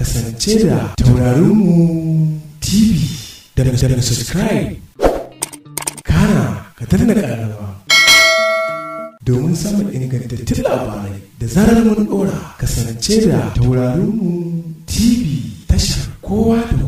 kasance da taurarinmu tv da na subscribe kana ka danna ƙararrawa domin samun ingantattun labarai da zarar mun ɗora kasance da taurarinmu tv tashar kowa da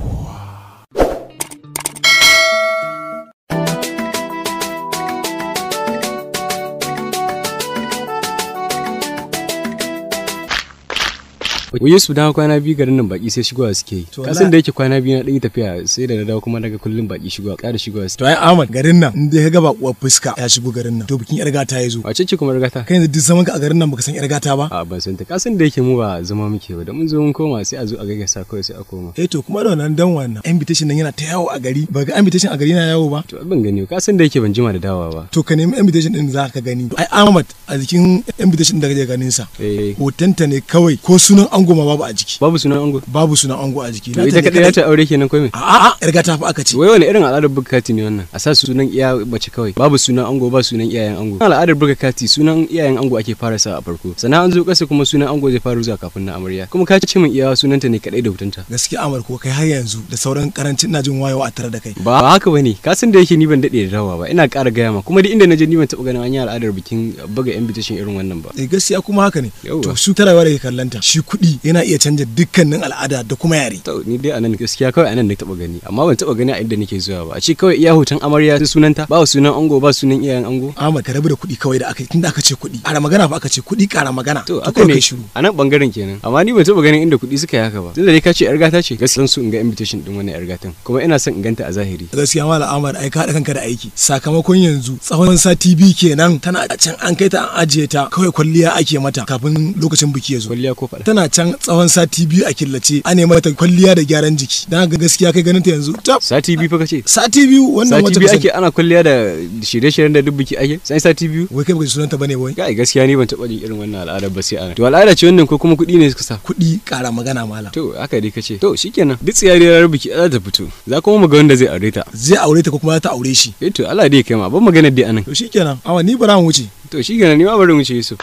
waye su dawo kwana biyu garin nan baki sai shigowa suke yi kasan da yake kwana biyu na ɗan tafiya sai da na dawo kuma daga kullum baki shigowa ƙara shigowa suke to ai Ahmad garin nan in dai ka ga kuwa fuska ya shigo garin nan to bikin yar gata ya zo wace ce kuma yar gata kai yanzu duk zaman ka a garin nan baka san yar gata ba a ban san ta kasan da yake mu ba zama muke ba da mun zo mun koma sai a zo a ga gasa kawai sai a koma eh to kuma da wannan dan wannan invitation nan yana ta yawo a gari ba ga invitation a gari yana yawo ba to ban gani ka san da yake ban jima da dawa ba to ka nemi invitation din za ka gani ai Ahmad a jikin invitation da kake ganin sa eh hotanta ne kawai ko sunan an ango ma babu a jiki babu sunan ango babu sunan ango a jiki ita kadai ta aure kenan ko me a riga ta fa aka ce wai wani irin al'adar buga kati ne wannan a sa sunan iya bace kawai babu sunan ango ba sunan iyayen ango al'adar buga kati sunan iyayen ango ake fara sa a farko sannan an zo kasa kuma sunan ango zai fara zuwa kafin na amarya kuma ka ce min iyawa sunanta ne kadai da hutunta gaskiya amar ko kai har yanzu da sauran karancin na jin wayewa a tare da kai ba haka bane ka san da yake ni ban dade da rawa ba ina ƙara gaya ma kuma duk inda naje ni ban taɓa ganin an al'adar bikin buga invitation irin wannan ba eh gaskiya kuma haka ne to su tarawa da kallanta shi kuɗi yana iya canja dukkanin al'ada da kuma yare to ni dai anan gaskiya kawai anan na taba gani amma ban taba gani a inda nake zuwa ba a ce kawai iya hoton amarya sunanta ba sunan ango ba sunan iyayen ango Ahmad ka rabu da kuɗi kawai da aka yi tunda aka ce kuɗi ara magana fa aka ce kuɗi kara magana to aka kai shiru anan bangaren kenan amma ni ban taba ganin inda kuɗi suka yi haka ba tunda dai ka ce yar gata ce gaskiya su in ga invitation din wannan yar gatan kuma ina son in ganta a zahiri gaskiya mala Ahmad ai ka haɗa kanka da aiki sakamakon yanzu tsawon sati biyu kenan tana can an kai ta an ajiye ta kawai kwalliya ake mata kafin lokacin biki ya zo kwalliya ko faɗa tana can can tsawon sati biyu a killace nema ta kwalliya da gyaran jiki dan ga gaskiya kai ganin ta yanzu sati biyu fa kace sati biyu wannan wata biyu ake ana kwalliya da shirye-shiryen da dubbuki ake sai sati biyu wai kai baka sunan ta bane wai kai gaskiya ni ban taba jin irin wannan al'ada ba sai ana to al'ada ce wannan ko kuma kuɗi ne suka sa kuɗi ƙara magana mala to haka dai kace to shikenan duk tsiyariyar rubuki za ta fito za kuma mu ga wanda zai aure ta zai aure ta ko kuma za ta aure shi eh to Allah dai kai ma ban magana dai anan to shikenan awa ni bara mu wuce to shikenan ni ma bari mu wuce Yusuf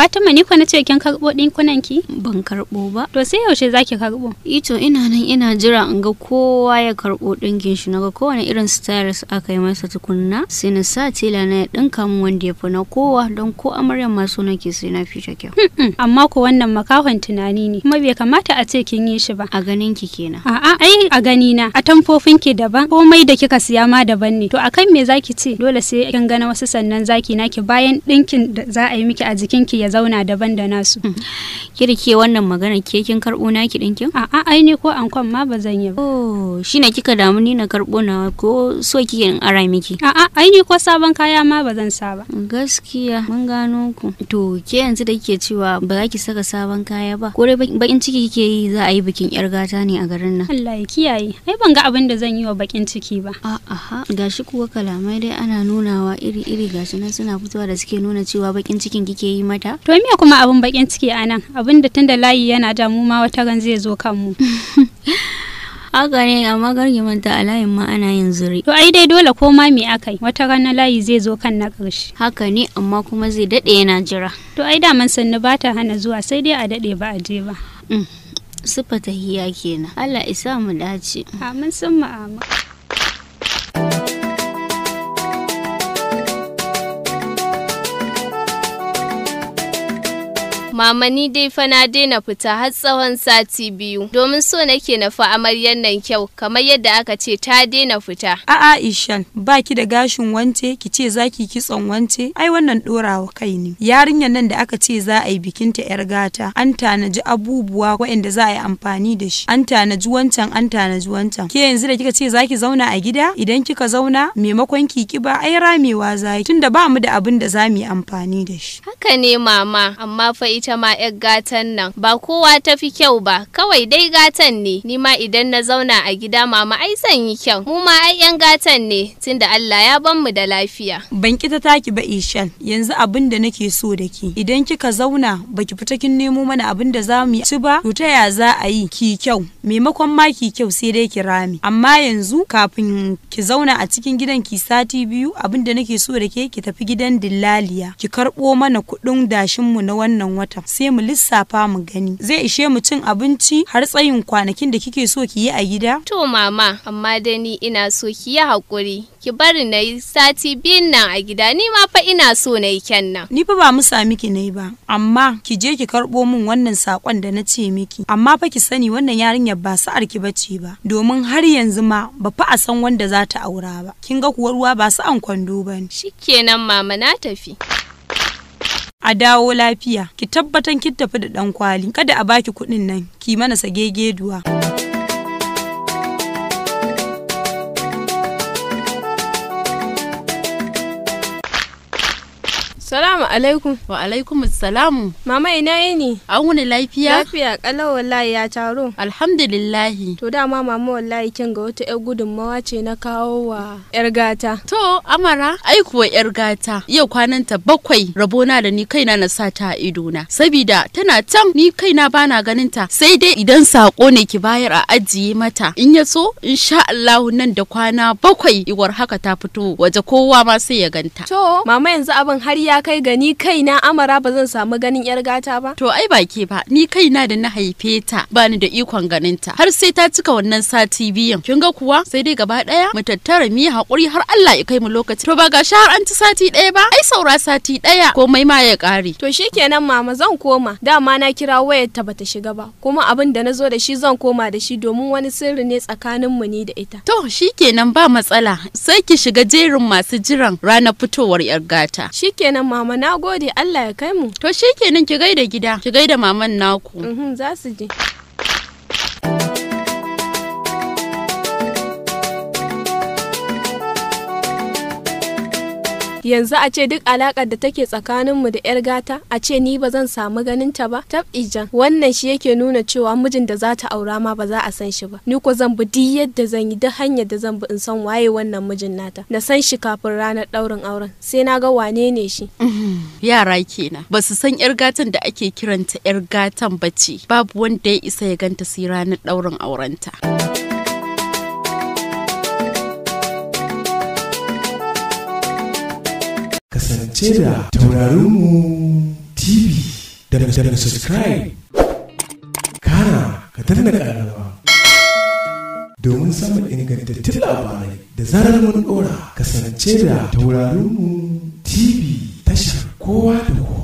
Fatima ni na ce kin din kunan ki? Ban karbo ba. To sai yaushe zaki karbo Ito ina nan ina jira in ga kowa ya karɓo ɗinkin shi naga kowane irin styles aka yi masa tukunna sai na sa tela na ya ɗinka wanda ya fi kowa don ko amarya ma so nake sai na fi kyau. Hmm, hmm. Amma ko wannan makahon tunani ne kuma bai kamata a ce kin yi shi ba. A ganin ki kenan. A'a ai a gani na a tamfofin ki daban komai da kika siya ma daban ne. To akan me zaki ce dole sai kin gana wasu sannan zaki naki bayan ɗinkin da za a yi miki a jikin ki ya zauna daban da nasu kirke mhm. wannan magana ke kin karbo naki dinkin a'a ai ne ko ankon ma ba zan yi ba oh shine kika damu ni na karbo na ko so kike in ara miki a'a ai ne ko sabon kaya ma ba zan sa ba gaskiya mun gano ku to ke yanzu da kike cewa ba za ki saka sabon kaya ba ko bakin ciki kike yi za a yi bikin yar gata ne a garin nan Allah ya kiyaye ai ban ga abin da zan yi wa bakin ciki ba a'a gashi kuwa kalamai dai ana nunawa iri-iri gashi nan suna fitowa da suke nuna cewa bakin cikin kike yi mata to me kuma abin bakin ciki a nan abin da layi yana da mu ma wata ran zai zo kan mu haka ne amma ta a layin ma ana yin zuri to ai dai dole ko ma me akai wata rana layi zai zo kan na karshe haka ne amma kuma zai daɗe yana jira to ai da man sannu ba ta hana zuwa sai dai a daɗe ba a je ba mm. sufa ta hiya kenan Allah isa mu dace amin sun ma'amu mama ni dai fa na daina fita har tsawon sati biyu domin so nake na fa amaryar nan kyau kamar yadda aka ce ta daina fita. a Ishan baki da gashin wance ki ce za ki kitson wance ai wannan dorawa kai ne. Yarinyar nan da aka ce za a yi bikinta yar gata an tanaji abubuwa waɗanda za a yi amfani da shi an tanaji wancan an tanaji wancan. Ke yanzu da kika ce zaki zauna a gida idan kika zauna maimakon ki kiba ai ramewa zaki tunda ba mu da abin da za mu yi amfani da shi. Haka ne mama amma fa ita ita ma 'yar gatan nan ba kowa ta fi kyau ba kawai dai gatan ne ni ma idan na zauna a gida mama ai zan yi kyau mu ma ai 'yan gatan ne tunda Allah ya ban mu da lafiya ban ki ta taki ba Ishan yanzu abin da nake so da ki idan kika zauna baki fita kin nemo mana abin da za mu ci ba to ta ya za a yi ki kyau maimakon ma ki kyau sai dai ki rami amma yanzu kafin ki zauna a cikin gidan ki sati biyu abin da nake so da ke ki tafi gidan dillaliya ki karɓo mana kuɗin dashin na wannan wata haka sai mu lissafa mu gani zai ishe mu cin abinci har tsayin kwanakin da kike so ki yi a gida to mama amma da ni ina so ki yi hakuri ki bari na yi sati biyun nan a gida ni ma fa ina so na yi kyan nan ni fa ba mu sami ki nayi ba amma ki je ki karbo min wannan sakon da na ce miki amma fa ki sani wannan yarinyar ba sa'ar ki bace ba domin har yanzu ma ba fa a san wanda za ta aura ba kin ga kuwa ruwa ba su an kwando ba ne shikenan mama na tafi a dawo lafiya ki tabbatan ki tafi da dan kwali kada a baki kuɗin nan ki mana sagegeduwa. Salamu alaikum. Wa alaikum salamu. Mama ina ne? An wuni lafiya? Lafiya kalau wallahi ya taro. Alhamdulillahi. To dama mama wallahi kin ga wata yar gudunmawa ce na kawo wa yar gata. To Amara, ai kuwa yar gata. Yau kwanan ta bakwai rabona da ni kaina na sa ta ido na. Sabida tana can ni kaina bana ganin ta. Sai dai idan sako ne ki bayar a ajiye mata. In ya so insha Allah nan da kwana bakwai iwar haka ta fito waje kowa ma sai ya ganta. To mama yanzu abin har ya kai ga ni kaina amara ba zan samu ganin yar gata ba to ai ba ke ba ni kaina da na haife ta bani da ikon ganin ta har sai ta cika wannan sati biyan kin ga kuwa sai dai gaba daya mu tattara mi hakuri har Allah ya kai mu lokaci to ba ga har an ci sati daya ba ai saura sati daya komai ma ya kare to shikenan mama zan koma dama na kira wayar ta bata shiga ba kuma abin da na zo da shi zan koma da shi domin wani sirri ne tsakanin mu ni da ita to shikenan ba matsala sai ki shiga jerin masu jiran ranar fitowar yar gata shikenan mama na gode Allah ya kai mu. To kenan ki gaida gida, ki gaida maman naku. Mhm, za su je. yanzu a ce duk alakar da take tsakaninmu da 'yar gata a ce ni ba zan samu ganin ta ba tabijan wannan shi yake nuna cewa mijin da za ta aura ma ba za a san shi ba ni ko zan bi duk yadda zan yi duk hanyar da zan bi in san waye wannan mijin nata na san shi kafin ranar daurin auren sai na ga wane ne shi yara kenan ba su san 'yar gatan da ake kiranta 'yar gatan ba ce babu wanda ya isa ya ganta sai ranar daurin aurenta. ce da taurarinmu TV da na subscribe kana ka danna ƙararrawa domin samun ingantattun labarai da zarar mun dora kasance da taurarinmu TV tashar kowa da kowa.